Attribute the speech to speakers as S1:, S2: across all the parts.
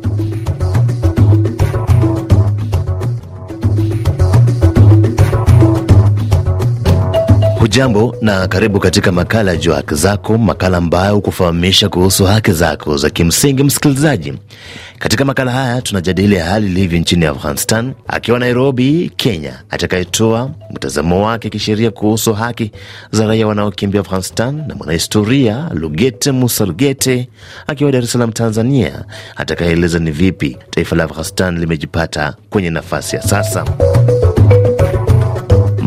S1: Thank you. Hujambo na karibu katika makala juu ya haki zako, makala ambayo kufahamisha kuhusu haki zako za kimsingi, msikilizaji. Katika makala haya tunajadili hali ilivyo nchini Afghanistan, akiwa Nairobi, Kenya, atakayetoa mtazamo wake kisheria kuhusu haki za raia wanaokimbia Afghanistan, na mwanahistoria Lugete Musa Lugete akiwa Dar es Salaam, Tanzania, atakayeeleza ni vipi taifa la Afghanistan limejipata kwenye nafasi ya sasa.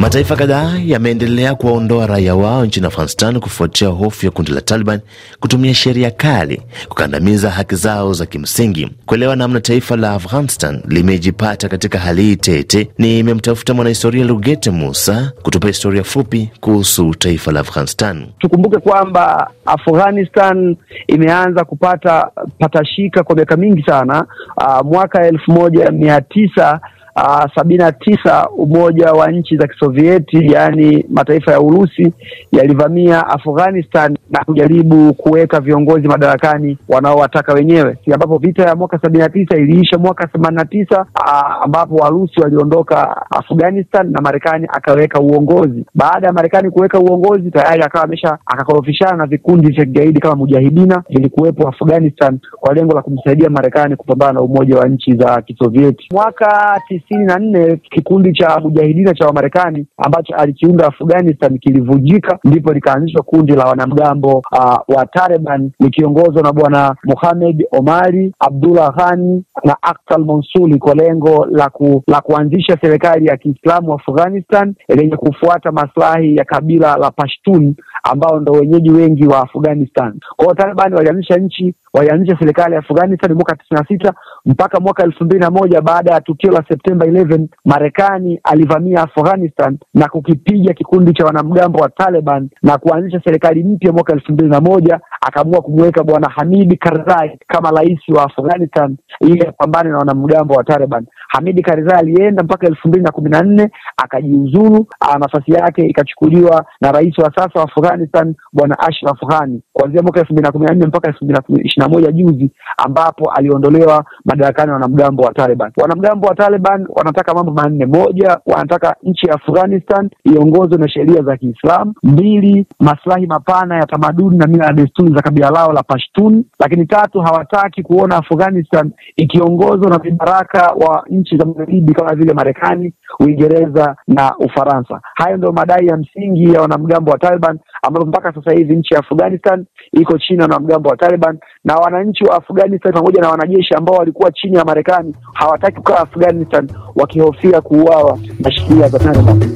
S1: Mataifa kadhaa yameendelea kuwaondoa raia wao nchini Afghanistan kufuatia hofu ya kundi la Taliban kutumia sheria kali kukandamiza haki zao za kimsingi. Kuelewa namna taifa la Afghanistan limejipata katika hali hii tete, nimemtafuta mwanahistoria Lugete Musa kutupa historia fupi kuhusu taifa la Afghanistan. Tukumbuke
S2: kwamba Afghanistan imeanza kupata patashika kwa miaka mingi sana. Uh, mwaka elfu moja mia tisa uh, sabini na tisa umoja wa nchi za Kisovieti, yaani mataifa ya Urusi yalivamia Afghanistan na kujaribu kuweka viongozi madarakani wanaowataka wenyewe, ambapo vita ya mwaka sabini na tisa iliisha mwaka themani na tisa uh, ambapo Warusi waliondoka Afghanistan na Marekani akaweka uongozi. Baada ya Marekani kuweka uongozi, tayari akawa amesha akakorofishana na vikundi vya kigaidi kama mujahidina vilikuwepo Afghanistan kwa lengo la kumsaidia Marekani kupambana na umoja wa nchi za Kisovieti mwaka tisini na nne kikundi cha mujahidina cha Wamarekani ambacho alikiunda Afghanistan kilivunjika, ndipo likaanzishwa kundi la wanamgambo uh, wa Taliban likiongozwa na bwana Muhamed Omari Abdullah Ghani na Aktal monsuli kwa lengo la, ku, la kuanzisha serikali ya Kiislamu Afghanistan lenye kufuata maslahi ya kabila la Pashtun ambao ndo wenyeji wengi wa Afghanistan. Kwa hiyo Taliban walianzisha nchi, walianzisha serikali ya Afghanistan mwaka tisini na sita mpaka mwaka elfu mbili na moja baada ya tukio la Septemba 11 Marekani alivamia Afghanistan na kukipiga kikundi cha wanamgambo wa Taliban na kuanzisha serikali mpya mwaka elfu mbili na moja akaamua kumweka bwana Hamid Karzai kama rais wa Afghanistan ili apambane na wanamgambo wa Taliban hamidi Karzai alienda mpaka elfu mbili na kumi na nne akajiuzuru, nafasi yake ikachukuliwa na rais wa sasa wa Afghanistan Bwana Ashraf Ghani kuanzia mwaka elfu mbili na kumi na nne mpaka elfu mbili na ishirini na moja juzi, ambapo aliondolewa madarakani wanamgambo wa Taliban. Wanamgambo wa Taliban wanataka mambo manne: moja, wanataka nchi ya Afghanistan iongozwe na sheria za Kiislamu; mbili, maslahi mapana ya tamaduni na mila na desturi za kabila lao la Pashtun; lakini tatu, hawataki kuona Afghanistan ikiongozwa na vibaraka wa nchi za magharibi kama vile Marekani, Uingereza na Ufaransa. Hayo ndio madai ya msingi ya wanamgambo wa Taliban ambapo mpaka sasa hivi nchi ya Afghanistan iko chini ya wanamgambo wa Taliban, na wananchi wa Afghanistan pamoja na wanajeshi ambao walikuwa chini ya Marekani hawataki kukaa Afghanistan wakihofia kuuawa na shikilia za Taliban.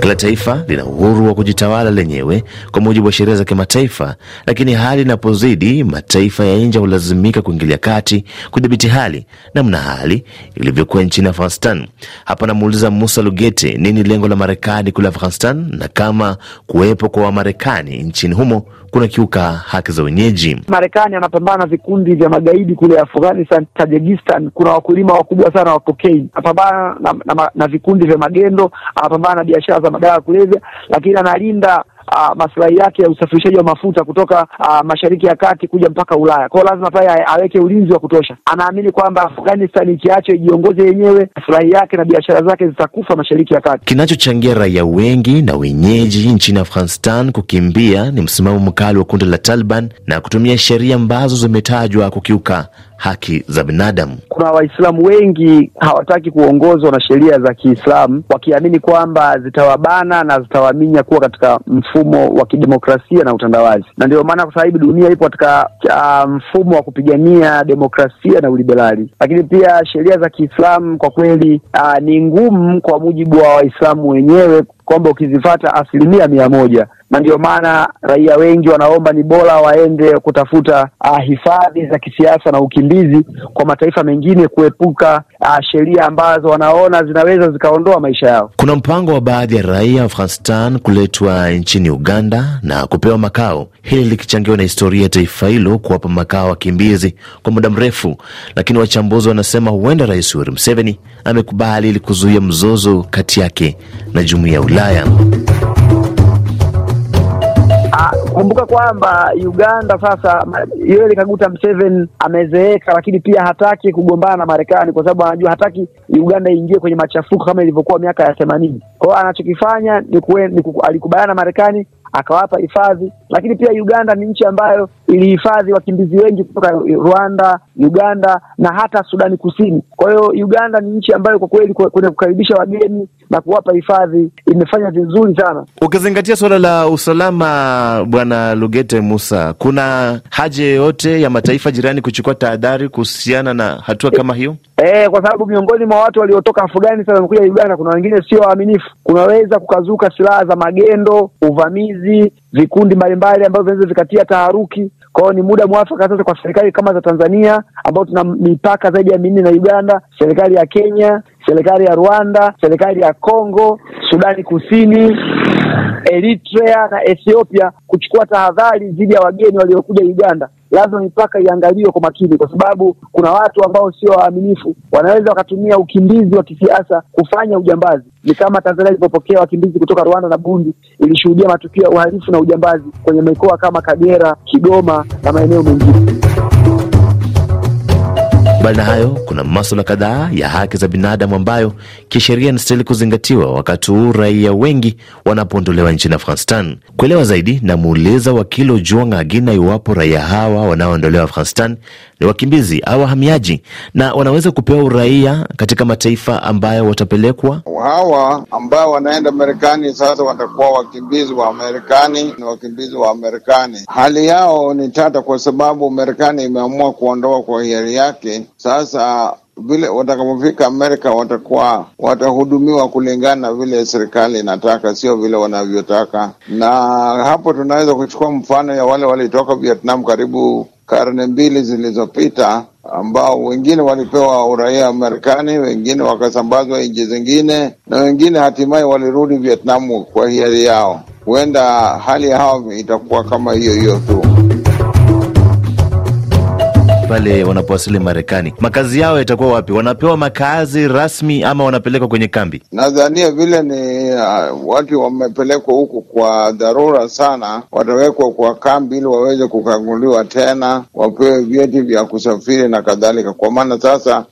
S1: Kila taifa lina uhuru wa kujitawala lenyewe kwa mujibu wa sheria za kimataifa, lakini hali inapozidi, mataifa ya nje hulazimika kuingilia kati kudhibiti hali, namna hali ilivyokuwa nchini Afghanistan. Hapa namuuliza Musa Lugete, nini lengo la Marekani kule Afghanistan na kama kuwepo kwa Wamarekani nchini humo kuna kiuka haki za wenyeji.
S2: Marekani anapambana na vikundi vya magaidi kule Afghanistan, Tajikistan. Kuna wakulima wakubwa sana wa kokaini, anapambana na, na, na, na vikundi vya magendo, anapambana na biashara za kuuza madawa ya kulevya, lakini analinda Uh, maslahi yake ya usafirishaji wa mafuta kutoka uh, Mashariki ya Kati kuja mpaka Ulaya. Kwa lazima pale aweke ulinzi wa kutosha. Anaamini kwamba Afghanistan ikiacho ijiongoze yenyewe, maslahi yake na biashara zake zitakufa Mashariki ya Kati.
S1: Kinachochangia raia wengi na wenyeji nchini Afghanistan kukimbia ni msimamo mkali wa kundi la Taliban na kutumia sheria ambazo zimetajwa kukiuka haki za binadamu.
S2: Kuna Waislamu wengi hawataki kuongozwa na sheria za Kiislamu, wakiamini kwamba zitawabana na zitawaminya kuwa katika mfumo wa kidemokrasia na utandawazi, na ndio maana kwa sahibi dunia ipo katika ah, mfumo wa kupigania demokrasia na uliberali. Lakini pia sheria za Kiislamu kwa kweli ah, ni ngumu kwa mujibu wa Waislamu wenyewe kwamba ukizifata asilimia mia moja, na ndio maana raia wengi wanaomba ni bora waende kutafuta ah, hifadhi za kisiasa na ukimbizi kwa mataifa mengine kuepuka uh, sheria ambazo wanaona zinaweza zikaondoa maisha yao.
S1: Kuna mpango wa baadhi ya raia wa Afghanistan kuletwa nchini Uganda na kupewa makao, hili likichangiwa na historia ya taifa hilo kuwapa makao wakimbizi kwa muda mrefu, lakini wachambuzi wanasema huenda Rais Yoweri Museveni amekubali ili kuzuia mzozo kati yake na jumuiya ya Ulaya.
S2: Kumbuka kwamba Uganda sasa, Yoweri Kaguta Museveni amezeeka, lakini pia hataki kugombana na Marekani kwa sababu anajua hataki Uganda iingie kwenye machafuko kama ilivyokuwa miaka ya themanini. Kwa hiyo anachokifanya ni, ni alikubaliana na Marekani akawapa hifadhi, lakini pia Uganda ni nchi ambayo ilihifadhi wakimbizi wengi kutoka Rwanda, Uganda na hata Sudani Kusini. Kwa hiyo Uganda ni nchi ambayo kwa kweli kwenye kukaribisha wageni na kuwapa hifadhi imefanya vizuri sana.
S1: Ukizingatia suala la usalama, Bwana Lugete Musa, kuna haja yoyote ya mataifa jirani kuchukua tahadhari kuhusiana na hatua kama hiyo?
S2: E, kwa sababu miongoni mwa watu waliotoka Afghanistan wamekuja Uganda, kuna wengine sio waaminifu. Kunaweza kukazuka silaha za magendo, uvamizi, vikundi mbalimbali ambavyo vinaweza vikatia taharuki kwao ni muda mwafaka sasa kwa serikali kama za Tanzania ambao tuna mipaka zaidi ya minne na Uganda, serikali ya Kenya, serikali ya Rwanda, serikali ya Kongo, Sudani Kusini, Eritrea na Ethiopia kuchukua tahadhari dhidi ya wageni waliokuja Uganda lazima mipaka iangaliwe kwa makini, kwa sababu kuna watu ambao sio waaminifu, wanaweza wakatumia ukimbizi wa kisiasa kufanya ujambazi. Ni kama Tanzania ilipopokea wakimbizi kutoka Rwanda na Burundi, ilishuhudia matukio ya uhalifu na ujambazi kwenye mikoa kama Kagera, Kigoma na maeneo mengine.
S1: Mbali na hayo, kuna maswala kadhaa ya haki za binadamu ambayo kisheria yanastahili kuzingatiwa wakati huu raia wengi wanapoondolewa nchini Afghanistan. Kuelewa zaidi, namuuliza wakili Ojuang Agina iwapo raia hawa wanaoondolewa Afghanistan ni wakimbizi au wahamiaji na wanaweza kupewa uraia katika mataifa ambayo watapelekwa.
S3: Hawa ambao wanaenda Marekani sasa watakuwa wakimbizi wa Marekani, ni wakimbizi wa Marekani. Hali yao ni tata, kwa sababu Marekani imeamua kuondoa kwa hiari yake sasa vile watakapofika Amerika watakuwa watahudumiwa kulingana vile serikali inataka, sio vile wanavyotaka. Na hapo tunaweza kuchukua mfano ya wale walitoka Vietnam karibu karne mbili zilizopita, ambao wengine walipewa uraia wa Marekani, wengine wakasambazwa nchi zingine, na wengine hatimaye walirudi vietnam kwa hiari yao. Huenda hali ya hao itakuwa kama hiyo hiyo tu
S1: pale wanapowasili Marekani, makazi yao yatakuwa wapi? Wanapewa makazi rasmi ama wanapelekwa kwenye kambi?
S3: Nadhania vile ni uh, ah, watu wamepelekwa huku kwa dharura sana, watawekwa kwa kambi ili waweze kukaguliwa tena, wapewe vyeti vya kusafiri na kadhalika, kwa maana sasa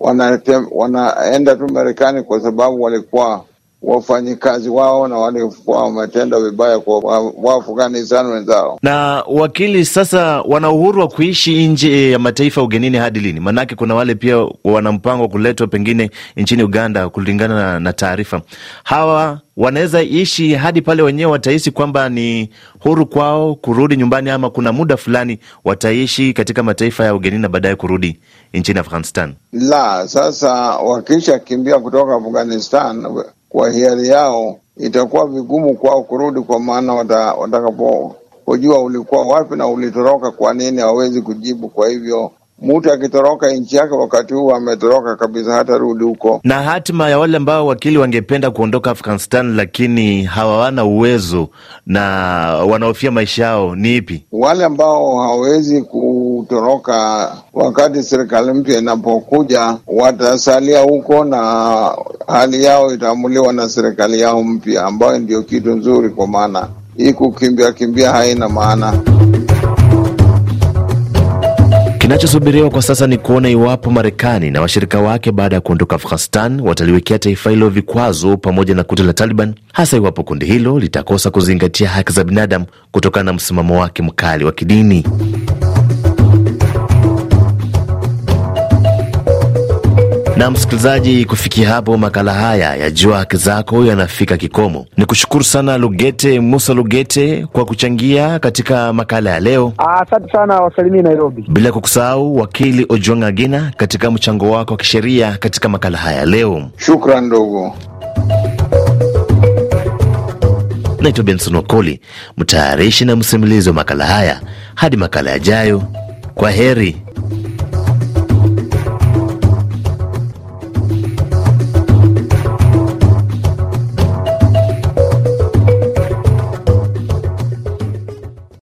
S3: wana, wanaenda tu Marekani kwa sababu walikuwa wafanyikazi wao na walikuwa wametenda vibaya kwa Waafghanistan wenzao.
S1: Na wakili, sasa wana uhuru wa kuishi nje ya mataifa ugenini hadi lini? Maanake kuna wale pia wana mpango wa kuletwa pengine nchini Uganda, kulingana na, na taarifa. Hawa wanaweza ishi hadi pale wenyewe watahisi kwamba ni huru kwao kurudi nyumbani, ama kuna muda fulani wataishi katika mataifa ya ugenini na baadaye kurudi nchini Afghanistan?
S3: La, sasa wakishakimbia kutoka Afghanistan kwa hiari yao, itakuwa vigumu kwao kurudi, kwa maana watakapojua ulikuwa wapi na ulitoroka kwa nini, hawawezi kujibu. Kwa hivyo mtu akitoroka nchi yake wakati huu ametoroka kabisa, hata rudi huko.
S1: Na hatima ya wale ambao wakili wangependa kuondoka Afghanistan lakini hawana uwezo na wanahofia maisha yao ni ipi?
S3: Wale ambao hawawezi kutoroka wakati serikali mpya inapokuja, watasalia huko na hali yao itaamuliwa na serikali yao mpya, ambayo ndio kitu nzuri, kwa maana hii kukimbia kimbia haina maana.
S1: Kinachosubiriwa kwa sasa ni kuona iwapo Marekani na washirika wake baada ya kuondoka Afghanistan wataliwekea taifa hilo vikwazo pamoja na kundi la Taliban, hasa iwapo kundi hilo litakosa kuzingatia haki za binadamu kutokana na msimamo wake mkali wa kidini. Na msikilizaji, kufikia hapo makala haya ya Jua Haki Zako yanafika kikomo. Ni kushukuru sana Lugete Musa Lugete kwa kuchangia katika makala ya leo.
S2: Asante sana, wasalimia Nairobi,
S1: bila kukusahau wakili Ojwang Agina katika mchango wako wa kisheria katika makala haya leo.
S3: Shukran ndogo.
S1: Naitwa Benson wakoli mtayarishi na msimulizi wa makala haya. Hadi makala yajayo, kwa heri.